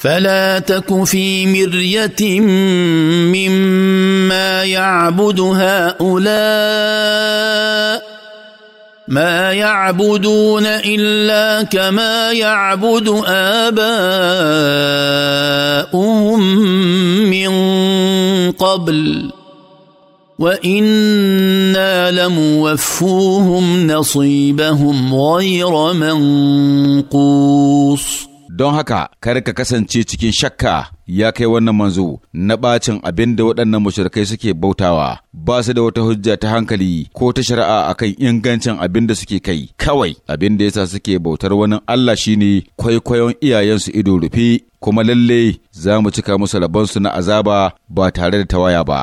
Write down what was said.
فلا تك في مريه مما يعبد هؤلاء ما يعبدون الا كما يعبد اباؤهم من قبل وانا لموفوهم نصيبهم غير منقوص don haka kar ka kasance cikin shakka ya kai wannan manzo na bacin abin da waɗannan mashirkai suke bautawa ba su da wata hujja ta hankali ko ta shari'a akan ingancin abin da suke kai kawai abin da yasa suke bautar wani Allah shine kwaikwayon iyayensu ido rufe kuma lalle za mu cika musu labansu na azaba ba tare da tawaya ba